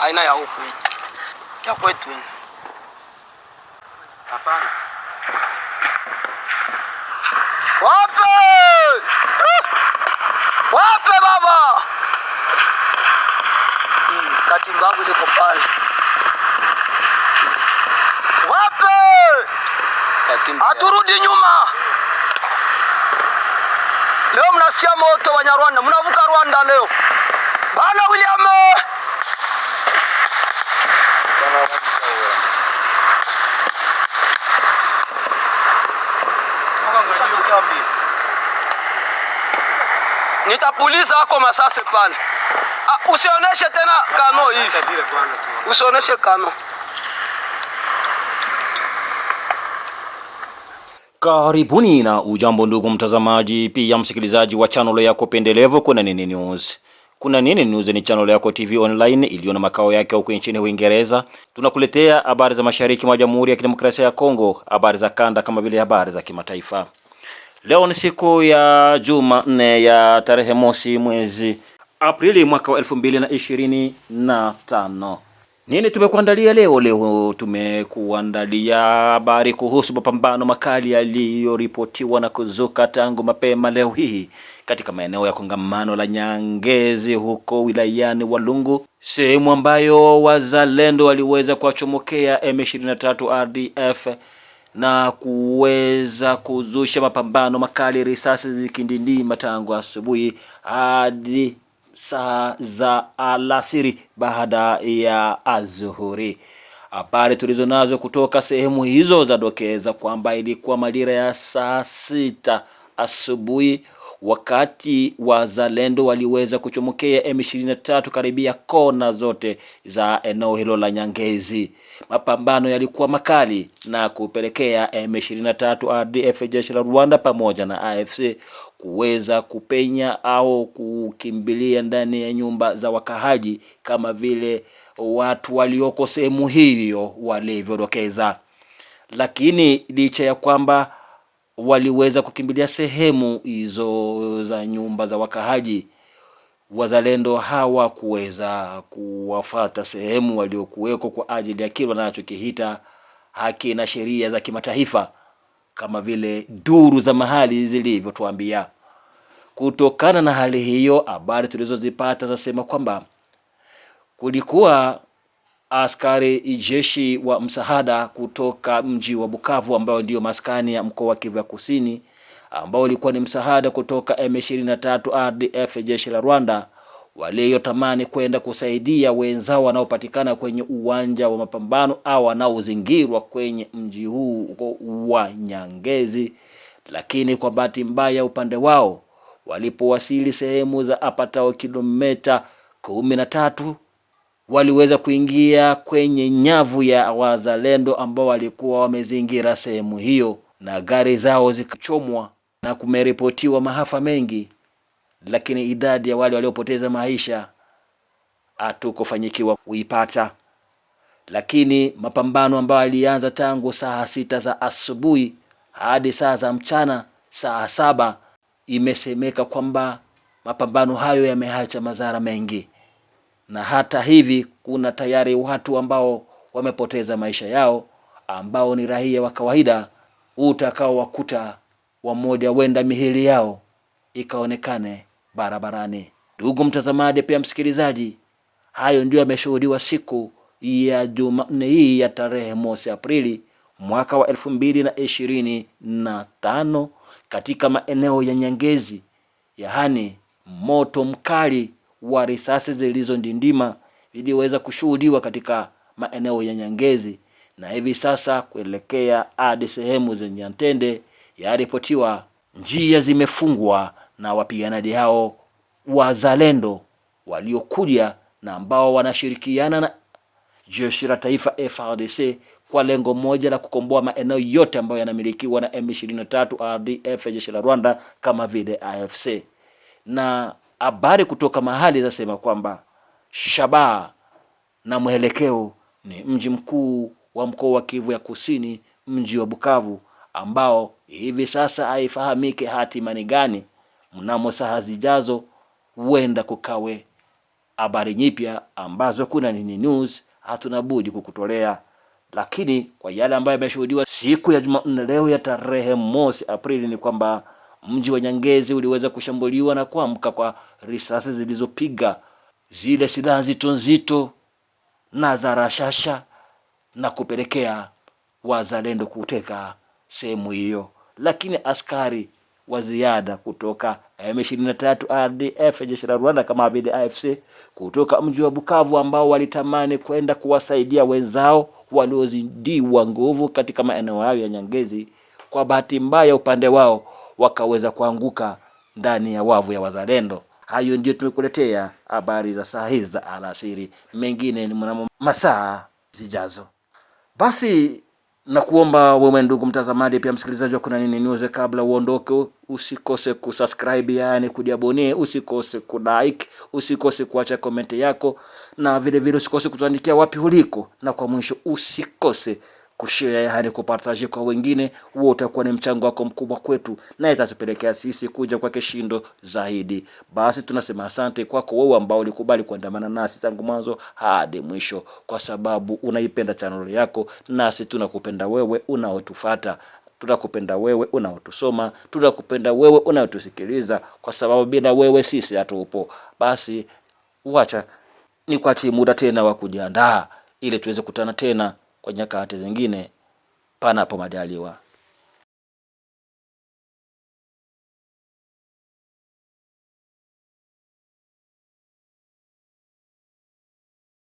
aina ya huku ya kwetu. Hapana. Wape! Wape baba! Hmm, katimba yangu pale. Wape! Haturudi nyuma. Leo mnasikia moto wa Nyarwanda, mnavuka Rwanda leo. Bana William! Rafiki, nitapuliza ako masase pale. Ah, usioneshe tena kano hivi, usioneshe kano. Karibuni na ujambo, ndugu mtazamaji, pia msikilizaji wa chanelo yako pendelevu Kuna Nini News. Kuna Nini News ni chanelo yako TV online iliyo na makao yake huko nchini Uingereza. Tunakuletea habari za mashariki mwa Jamhuri ya Kidemokrasia ya Kongo, habari za kanda kama vile habari za kimataifa. Leo ni siku ya Jumanne ya tarehe mosi mwezi Aprili mwaka wa elfu mbili na ishirini na tano. Nini tumekuandalia leo? Leo tumekuandalia habari kuhusu mapambano makali yaliyoripotiwa na kuzuka tangu mapema leo hii katika maeneo ya kongamano la Nyangezi huko wilayani Walungu, sehemu ambayo wazalendo waliweza kuwachomokea M23 RDF na kuweza kuzusha mapambano makali, risasi zikindindima tangu asubuhi hadi saa za alasiri baada ya adhuhuri. Habari tulizo nazo kutoka sehemu hizo zadokeza kwamba ilikuwa majira ya saa sita asubuhi wakati wazalendo waliweza kuchomokea M23 karibia kona zote za eneo hilo la Nyangezi. Mapambano yalikuwa makali na kupelekea M23 RDF, jeshi la Rwanda pamoja na AFC kuweza kupenya au kukimbilia ndani ya nyumba za wakahaji kama vile watu walioko sehemu hiyo walivyodokeza. Lakini licha ya kwamba waliweza kukimbilia sehemu hizo za nyumba za wakahaji. Wazalendo hawakuweza kuwafata sehemu waliokuweko kwa ajili ya kile wanachokihita haki na sheria za kimataifa, kama vile duru za mahali zilivyotuambia. Kutokana na hali hiyo, habari tulizozipata zasema kwamba kulikuwa askari jeshi wa msaada kutoka mji wa Bukavu ambao ndio maskani ya mkoa wa Kivu ya Kusini ambao ulikuwa ni msaada kutoka M23 RDF jeshi la Rwanda waliyotamani kwenda kusaidia wenzao wanaopatikana kwenye uwanja wa mapambano au wanaozingirwa kwenye mji huu wa Nyangezi, lakini kwa bahati mbaya upande wao walipowasili sehemu za apatao kilomita kumi na tatu waliweza kuingia kwenye nyavu ya wazalendo ambao walikuwa wamezingira sehemu hiyo, na gari zao zikachomwa na kumeripotiwa maafa mengi, lakini idadi ya wale waliopoteza maisha hatukufanyikiwa kuipata. Lakini mapambano ambayo alianza tangu saa sita za asubuhi hadi saa za mchana saa saba, imesemeka kwamba mapambano hayo yameacha madhara mengi na hata hivi kuna tayari watu ambao wamepoteza maisha yao ambao ni raia wa kawaida, utakaowakuta wamoja, wenda mihili yao ikaonekane barabarani. Ndugu mtazamaji, pia msikilizaji, hayo ndio yameshuhudiwa siku ya Jumanne hii ya tarehe mosi Aprili mwaka wa elfu mbili na ishirini na tano katika maeneo ya Nyangezi, yaani moto mkali wa risasi zilizodindima iliyoweza kushuhudiwa katika maeneo ya Nyangezi na hivi sasa kuelekea hadi sehemu za Nyantende yaripotiwa njia zimefungwa na wapiganaji hao wazalendo waliokuja na ambao wanashirikiana na jeshi la taifa frdc kwa lengo moja la kukomboa maeneo yote ambayo yanamilikiwa na M23 RDF jeshi la Rwanda kama vile AFC na habari kutoka mahali zasema kwamba shabaha na mwelekeo ni mji mkuu wa mkoa wa Kivu ya Kusini, mji wa Bukavu ambao hivi sasa haifahamike hatima ni gani. Mnamo saa zijazo huenda kukawe habari nyipya ambazo Kuna Nini News hatuna budi kukutolea, lakini kwa yale ambayo yameshuhudiwa siku ya Jumanne leo ya tarehe mosi Aprili ni kwamba Mji wa Nyangezi uliweza kushambuliwa na kuamka kwa risasi zilizopiga zile silaha nzito nzito na za rashasha na kupelekea wazalendo kuteka sehemu hiyo, lakini askari wa ziada kutoka M23 RDF jeshi la Rwanda kama vile AFC kutoka mji wa Bukavu ambao walitamani kwenda kuwasaidia wenzao waliozidiwa nguvu katika maeneo hayo ya Nyangezi, kwa bahati mbaya upande wao wakaweza kuanguka ndani ya wavu ya wazalendo. Hayo ndio tumekuletea habari za saa hizi za alasiri, mengine ni mnamo masaa zijazo. Basi na kuomba wewe ndugu mtazamaji, pia msikilizaji wa Kuna Nini News, kabla uondoke, usikose kusubscribe, yaani kujiabonee, usikose kulike, usikose kuacha komenti yako, na vile vile usikose kutuandikia wapi uliko, na kwa mwisho usikose kushare, yaani kupartaji kwa wengine, huo utakuwa ni mchango wako mkubwa kwetu, na itatupelekea sisi kuja kwa kishindo zaidi. Basi tunasema asante kwako wewe ambao ulikubali kuandamana nasi tangu mwanzo hadi mwisho, kwa sababu unaipenda channel yako, nasi tunakupenda wewe unaotufata tunakupenda wewe unaotusoma, tunakupenda wewe unaotusikiliza, kwa sababu bila wewe sisi hatupo. Basi wacha ni kwa muda tena wa kujiandaa ili tuweze kutana tena kwa nyakati zingine, panapo majaliwa.